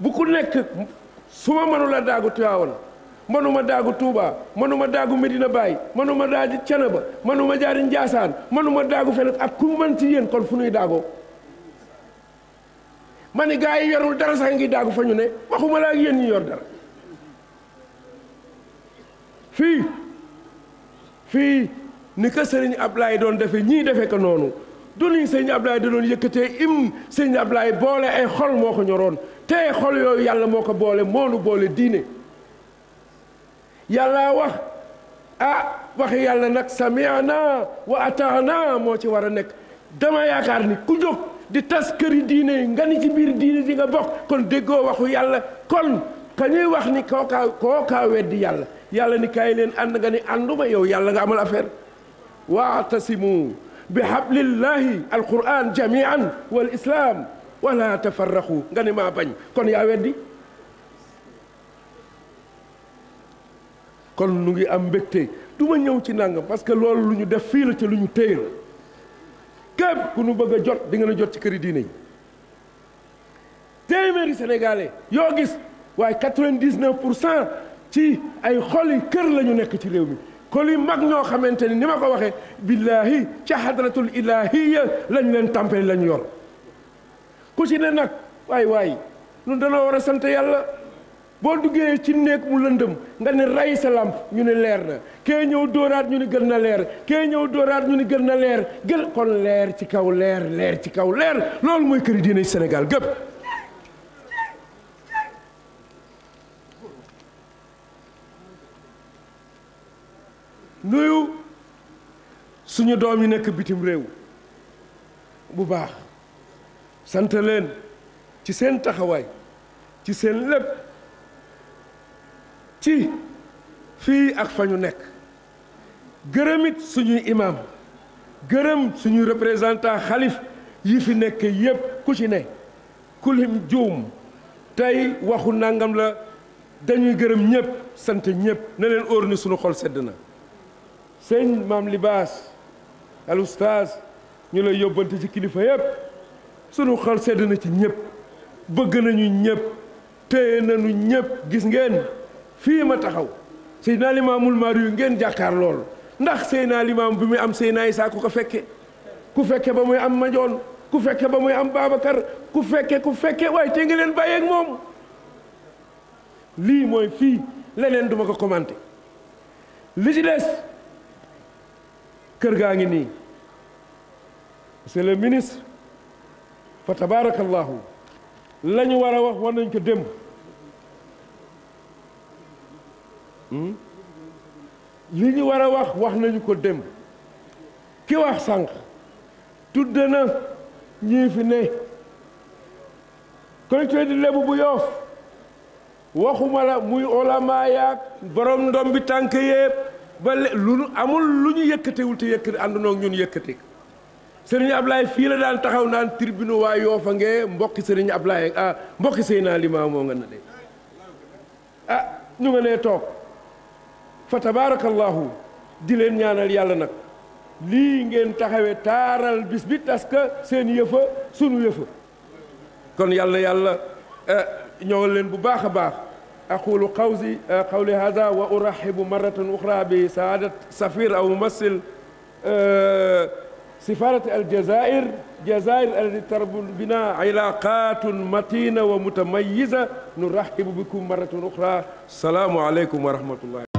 bu ku nekk su ma mënula daagu Tiwaawan manuma daagu Touba manuma daagu Medina Baye manuma daagu Ceneba manuma jaari Njaasaan manuma daagu feneen ak ku ci yéen kon fu nuy daago ma ni gaa yi yorul dara sax ngi daagu fa ñu ne waxuma laa yéen ñi yor dara fii fii ni ko sëriñ Ablaye doon defe ñii defe ko noonu du ni sëñ Ablaye da doon yëkkatee im sëñ boole ay xol moo ko ñoroon te xol yooyu yàlla moo ko boole moo nu boole diine yàlla wax ah waxi yàlla nag samiana wa ataana moo ci war a nekk dama yaakaar ni ku jóg di tas këri yi nga ni ci biir diine di nga bokk kon déggoo waxu yàlla kon ka wax ni kookaa kookaa weddi yàlla yàlla ni kaay leen ànd nga ni ànduma yow yàlla nga amal affaire waatasimu بحبل الله القرآن جميعا والإسلام ولا تفرقوا nga ne maa bañ kon yaa weddi kon nu ngi am mbégte du ma ñëw ci nangam parce que loolu lu ñu def fii la te lu ñu téye la képp ku nu bëgg a jot di ngeen a jot ci këri diine yi téeméeri sénégalais yoo gis waaye 99 pour cent ci ay xoli kër la ñu nekk ci réew mi xool yu mag ñoo xamante ni ni ma ko waxee billaahi ca hadratul ilaahiya lañ leen tàmpale lañ yor ku ci ne nag waay waay ñun danoo war a sant yàlla boo duggee ci néeg mu lëndëm nga ne ray sa làmp ñu ne leer na kee ñëw dóoraat ñu ne gën na leer kee ñëw dóoraat ñu ne gën na leer gën kon leer ci kaw leer leer ci kaw leer loolu mooy këri diine Sénégal gépp nuyu suñu doom yi nekk bitim réew bu baax sant leen ci seen taxawaay ci seen lépp ci fii ak fa ñu nekk gërëmit suñuy imaam gërëm suñuy représentant xalif yi fi nekk yépp ku ci ne kulim juum tey waxu nangam la dañuy gërëm ñépp sant ñépp na leen óor ni suñu xol sedd na sëñ maam libaas al oustaz ñu lay yóbbante ci kilifa yëpp sunu xal sedd na ci ñëpp bëgg nañu ñëpp téye nañu ñëpp gis ngeen fii ma taxaw naa Limaamul Maari yu ngeen jàkkaar lool ndax naa Limaam bi muy am Seydina Isaa ku ko fekke ku fekke ba muy am Majoon ku fekke ba muy am Babacar ku fekke ku fekke waaye te ngi leen bàyyeeg moom lii mooy fii leneen duma ko commenté li ci des kër gaa ngi nii monsieur le ministre fa tabarakallahu la ñu war a wax nañ ko démb hmm? war a wax wax nañu ko démb ki wax sànq tudd na ñii fi ne collectivité di Lébu bu Yoof waxuma la muy olama borom ndom bi tànk yépp ba lu amul lu ñu yëkkatewul te yëkkati ànd noog ñun yëkkati sëriñ Ablaye fii la daan taxaw naan tribune waa Yoofa ngee mbokki sëriñ Ablaye a ah, mbokki Seydina Limaamu moo nga na de a ah, ñu nga nee toog fa tabaarakallaahu di leen ñaanal yàlla nag lii ngeen taxawe taaral bis bi parce que seen yëfa sunu yëfa kon yàlla yàlla eh, ñëwal leen bu baax a baax أقول قوزي قولي هذا وأرحب مرة أخرى بسعادة سفير أو ممثل سفارة الجزائر جزائر التي تربط بنا علاقات متينة ومتميزة نرحب بكم مرة أخرى السلام عليكم ورحمة الله